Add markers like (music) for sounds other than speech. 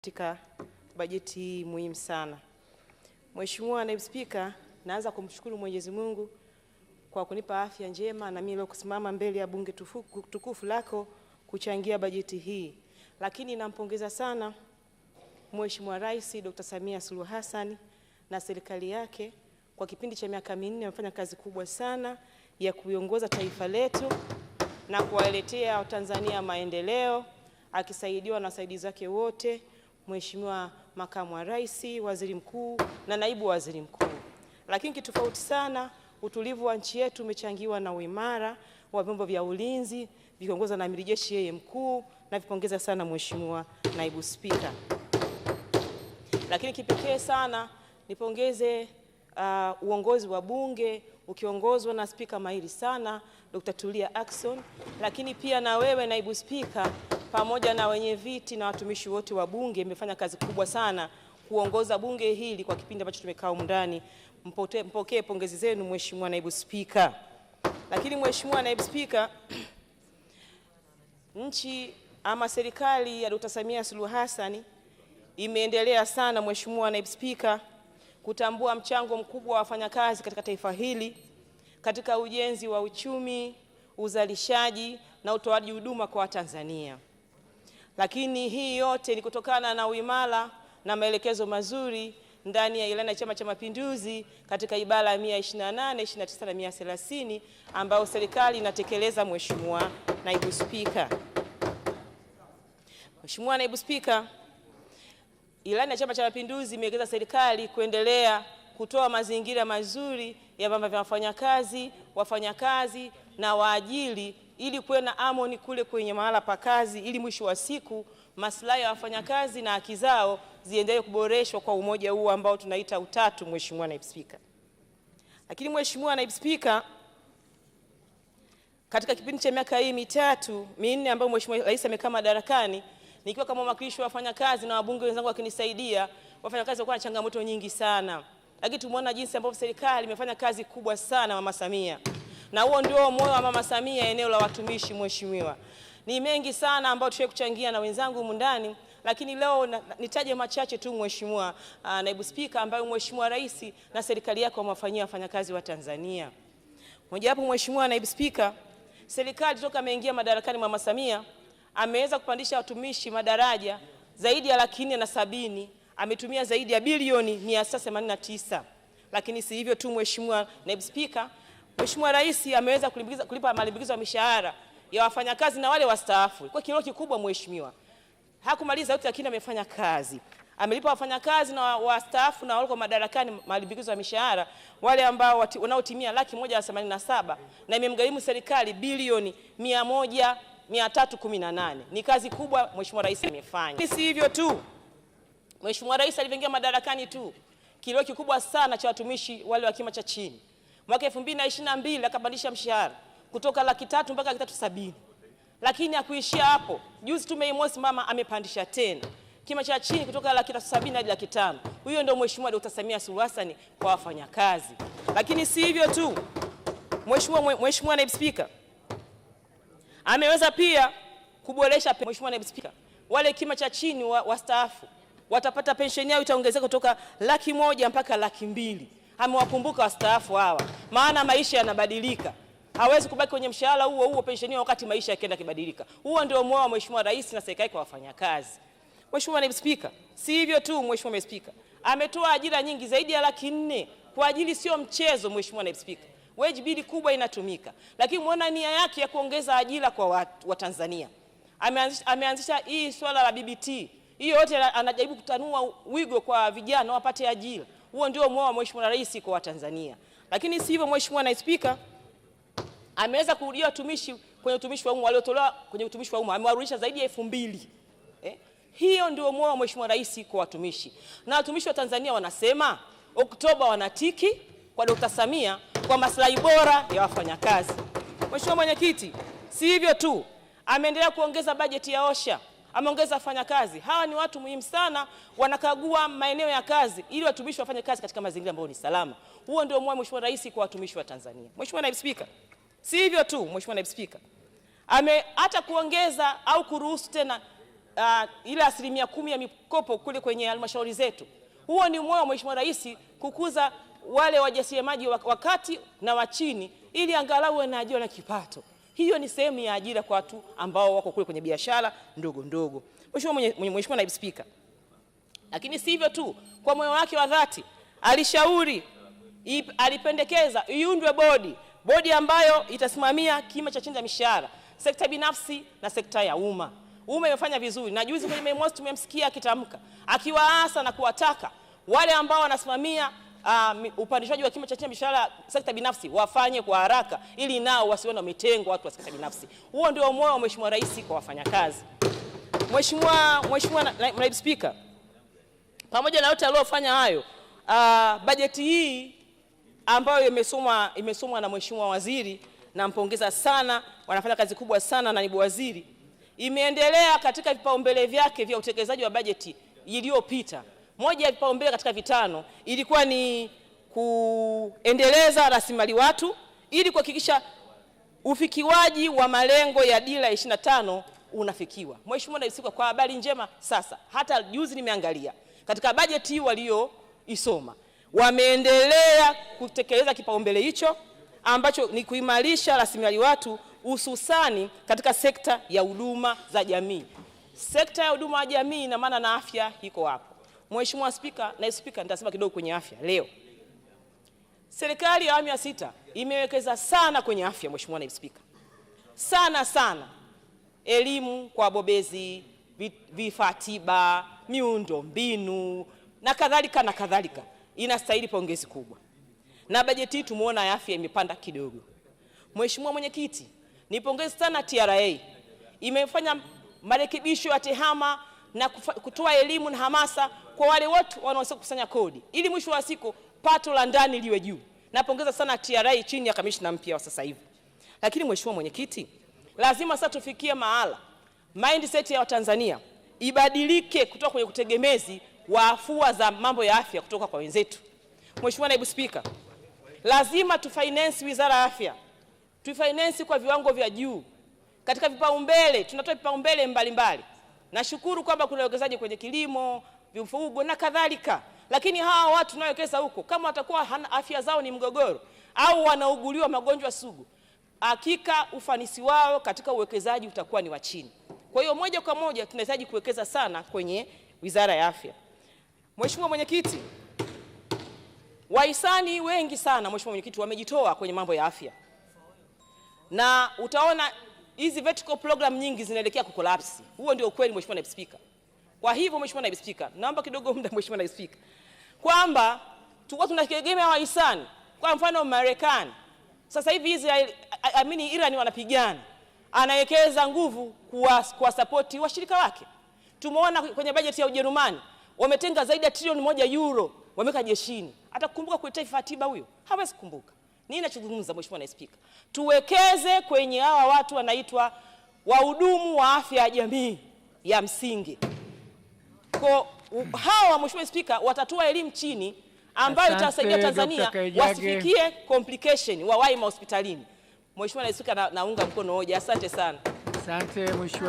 Katika bajeti hii muhimu sana. Mheshimiwa Naibu Spika, naanza kumshukuru Mwenyezi Mungu kwa kunipa afya njema na mimi leo kusimama mbele ya bunge tufuku, tukufu lako kuchangia bajeti hii, lakini nampongeza sana Mheshimiwa Rais Dr. Samia Suluhu Hassan na serikali yake kwa kipindi cha miaka minne amefanya kazi kubwa sana ya kuiongoza taifa letu na kuwaletea tanzania maendeleo akisaidiwa na wasaidizi wake wote Mheshimiwa Makamu wa Rais, Waziri Mkuu na Naibu Waziri Mkuu. Lakini kitofauti sana, utulivu wa nchi yetu umechangiwa na uimara wa vyombo vya ulinzi vikiongozwa na Amiri Jeshi yeye mkuu, na vipongeza sana Mheshimiwa Naibu Spika. Lakini kipekee sana nipongeze uh, uongozi wa Bunge ukiongozwa na spika mahiri sana Dr. Tulia Ackson, lakini pia na wewe naibu spika pamoja na wenye viti na watumishi wote wa Bunge imefanya kazi kubwa sana kuongoza bunge hili kwa kipindi ambacho tumekaa humu ndani. Mpokee pongezi zenu Mheshimiwa Naibu Spika. Lakini Mheshimiwa Naibu Spika, (clears throat) nchi ama serikali ya Dkt. Samia Suluhu Hassan imeendelea sana Mheshimiwa Naibu Spika kutambua mchango mkubwa wa wafanyakazi katika taifa hili katika ujenzi wa uchumi, uzalishaji na utoaji huduma kwa Watanzania. Lakini hii yote ni kutokana na uimara na maelekezo mazuri ndani ya ilani ya Chama cha Mapinduzi katika ibara ya 128, 29 na 130 ambayo serikali inatekeleza. Mheshimiwa Naibu Spika, Mheshimiwa Naibu Spika, ilani ya Chama cha Mapinduzi imewekeza serikali kuendelea kutoa mazingira mazuri ya vyama vya wafanyakazi, wafanyakazi na waajiri ili kuwe na amoni kule kwenye mahala pa kazi, ili mwisho wa siku maslahi ya wafanyakazi na haki zao ziendelee kuboreshwa kwa umoja huu ambao tunaita utatu, Mheshimiwa Naibu Spika. Lakini Mheshimiwa Naibu Spika, katika kipindi cha miaka hii mitatu minne ambayo Mheshimiwa Rais amekaa madarakani, nikiwa kama mwakilishi wa wafanyakazi na wabunge wenzangu wakinisaidia, wafanyakazi walikuwa na changamoto nyingi sana, lakini tumeona jinsi ambavyo serikali imefanya kazi kubwa sana, Mama Samia na huo ndio moyo wa Mama Samia eneo la watumishi. Mheshimiwa, ni mengi sana ambayo tuwe kuchangia na wenzangu humu ndani, lakini leo nitaje machache tu Mheshimiwa uh, naibu spika, ambayo Mheshimiwa Rais na serikali yako wamewafanyia wafanyakazi wa Tanzania. Mojawapo Mheshimiwa naibu spika, serikali toka ameingia madarakani Mama Samia ameweza kupandisha watumishi madaraja zaidi ya laki nne na sabini ametumia zaidi ya bilioni 989 lakini si hivyo tu Mheshimiwa naibu spika, Mheshimiwa Rais ameweza kulipa kulipa malimbikizo ya mishahara ya wafanyakazi na wale wastaafu kwa kilio kikubwa. Mheshimiwa hakumaliza yote, lakini amefanya kazi, amelipa wafanyakazi na wastaafu na walio madarakani malimbikizo ya mishahara wale ambao wanaotimia laki moja na themanini na saba na imemgharimu serikali bilioni mia moja mia tatu kumi na nane. Ni kazi kubwa Mheshimiwa Rais amefanya. Si hivyo tu, Mheshimiwa Rais alivyoingia madarakani tu, kilio kikubwa sana cha watumishi wale wa kima cha chini Mwaka mbili akabadilisha mshahara kutoka laki tatu mpaka laki tatu sabini, lakini akuishia hapo. Juzi Tume Mosi mama amepandisha tena kima cha chini kutoka laki tatu sabini hadi laki tano. Huyo ndio Mheshimiwa Dkt. Samia Suluhu Hassan kwa wafanyakazi. Lakini si hivyo tu, Mheshimiwa Mheshimiwa Naibu Spika ameweza pia kuboresha. Mheshimiwa Naibu Spika, wale kima cha chini wastaafu wa watapata pensheni yao itaongezeka kutoka laki moja mpaka laki mbili amewakumbuka wastaafu hawa, maana maisha yanabadilika. Hawezi kubaki kwenye mshahara huo huo pensheni, wakati maisha yakienda kibadilika. Huo ndio moyo wa Mheshimiwa Rais na serikali kwa wafanyakazi. Mheshimiwa Naibu Spika, si hivyo tu, Mheshimiwa Naibu Spika ametoa ajira nyingi zaidi ya laki nne kwa ajili, sio mchezo. Mheshimiwa Naibu Spika, wage bill kubwa inatumika, lakini muona nia yake ya kuongeza ajira kwa watu wa ameanzisha, ameanzisha hii swala la BBT. Hiyo yote anajaribu kutanua wigo kwa vijana wapate ajira. Huo ndio mwao wa Mheshimiwa Rais kwa Watanzania. Lakini si hivyo, Mheshimiwa Naibu Spika ameweza kurudia watumishi kwenye utumishi wa umma waliotolewa kwenye utumishi wa umma amewarudisha zaidi ya elfu mbili. Eh? Hiyo ndio mwao wa Mheshimiwa Rais kwa watumishi. Na watumishi wa Tanzania wanasema Oktoba wanatiki kwa Dr. Samia kwa maslahi bora ya wafanyakazi. Mheshimiwa Mwenyekiti, si hivyo tu, ameendelea kuongeza bajeti ya OSHA ameongeza wafanyakazi. Hawa ni watu muhimu sana, wanakagua maeneo ya kazi ili watumishi wafanye kazi katika mazingira ambayo ni salama. Huo ndio moyo Mheshimiwa Rais kwa watumishi wa Tanzania. Mheshimiwa Naibu Spika, si hivyo tu Mheshimiwa Naibu Spika ame hata kuongeza au kuruhusu tena uh, ile asilimia kumi ya mikopo kule kwenye halmashauri zetu. Huo ni moyo wa Mheshimiwa Rais kukuza wale wajasiriamali wa kati na wa chini, ili angalau wanajiwa na kipato. Hiyo ni sehemu ya ajira kwa watu ambao wako kule kwenye biashara ndogo ndogo. Mheshimiwa, Mheshimiwa Naibu Spika, lakini hivyo tu, kwa moyo wake wa dhati alishauri, alipendekeza iundwe bodi, bodi ambayo itasimamia kima cha chini cha mishahara sekta binafsi na sekta ya umma. Umma imefanya vizuri, na juzi kwenye Mei tumemsikia akitamka, akiwaasa na kuwataka wale ambao wanasimamia uh, upandishaji wa kima cha chini mishahara sekta binafsi wafanye kwa haraka, ili nao wasiwe na mitengo watu wa sekta binafsi. Huo ndio moyo wa Mheshimiwa Rais kwa wafanyakazi. Mheshimiwa Mheshimiwa Naibu Spika, pamoja na yote aliyofanya hayo, uh, ah, bajeti hii ambayo imesomwa imesomwa na Mheshimiwa Waziri, nampongeza sana, wanafanya kazi kubwa sana naibu waziri, imeendelea katika vipaumbele vyake vya utekelezaji wa bajeti iliyopita. Moja ya vipaumbele katika vitano ilikuwa ni kuendeleza rasilimali watu ili kuhakikisha ufikiwaji wa malengo ya dira ya 25 unafikiwa. Mheshimiwa Rais, kwa habari njema sasa, hata juzi nimeangalia katika bajeti hii walioisoma wameendelea kutekeleza kipaumbele hicho ambacho ni kuimarisha rasilimali watu hususani katika sekta ya huduma za jamii. Sekta ya huduma ya jamii ina maana na afya iko hapo Mheshimiwa Spika, na Spika, nitasema kidogo kwenye afya leo. Serikali ya awamu ya sita imewekeza sana kwenye afya, Mheshimiwa Naibu Spika, sana sana, elimu kwa wabobezi, vifaa tiba, miundo mbinu na kadhalika na kadhalika, inastahili pongezi kubwa, na bajeti hii tumeona ya afya imepanda kidogo. Mheshimiwa Mwenyekiti, nipongeze sana TRA, imefanya marekebisho ya tehama na kutoa elimu na hamasa kwa wale wote wanaoweza kukusanya kodi ili mwisho wa siku pato la ndani liwe juu. Napongeza sana TRA chini ya kamishna mpya wa sasa hivi. Lakini mheshimiwa mwenyekiti, lazima sasa tufikie mahala mindset ya Watanzania ibadilike kutoka kwenye utegemezi wa afua za mambo ya afya kutoka kwa wenzetu. Mheshimiwa naibu spika, lazima tufinance wizara ya afya, tufinance kwa viwango vya juu katika vipaumbele. Tunatoa vipaumbele mbalimbali. Nashukuru kwamba kuna uwekezaji kwenye kilimo, vifugo na kadhalika. Lakini hawa watu tunayowekeza huko, kama watakuwa afya zao ni mgogoro au wanauguliwa magonjwa sugu, hakika ufanisi wao katika uwekezaji utakuwa ni wa chini. Kwa hiyo moja kwa moja tunahitaji kuwekeza sana kwenye Wizara ya Afya. Mheshimiwa Mwenyekiti, wahisani wengi sana Mheshimiwa Mwenyekiti wamejitoa kwenye mambo ya afya, na utaona hizi vertical program nyingi zinaelekea kukolapsi. Huo ndio ukweli Mheshimiwa Naibu Spika. Kwa hivyo Mheshimiwa Naibu Spika, naomba kidogo muda Mheshimiwa Naibu Spika, kwamba tulikuwa tunategemea wahisani kwa mfano Marekani, sasa hivi hizi amini Irani wanapigana, anawekeza nguvu kuwasapoti washirika wake. Tumeona kwenye bajeti ya Ujerumani wametenga zaidi ya trilioni moja euro wameweka jeshini. Atakumbuka kuitaifa hatiba huyo? Hawezi kukumbuka. Nini nachozungumza Mheshimiwa Naibu Spika? Tuwekeze kwenye hawa watu wanaitwa wahudumu wa afya ya jamii ya msingi. Kwa hawa Mheshimiwa Spika, watatua elimu chini ambayo itasaidia Tanzania wasifikie complication wawahi mahospitalini. Mheshimiwa Naibu Spika, naunga mkono hoja. Asante sana. Asante mheshimiwa.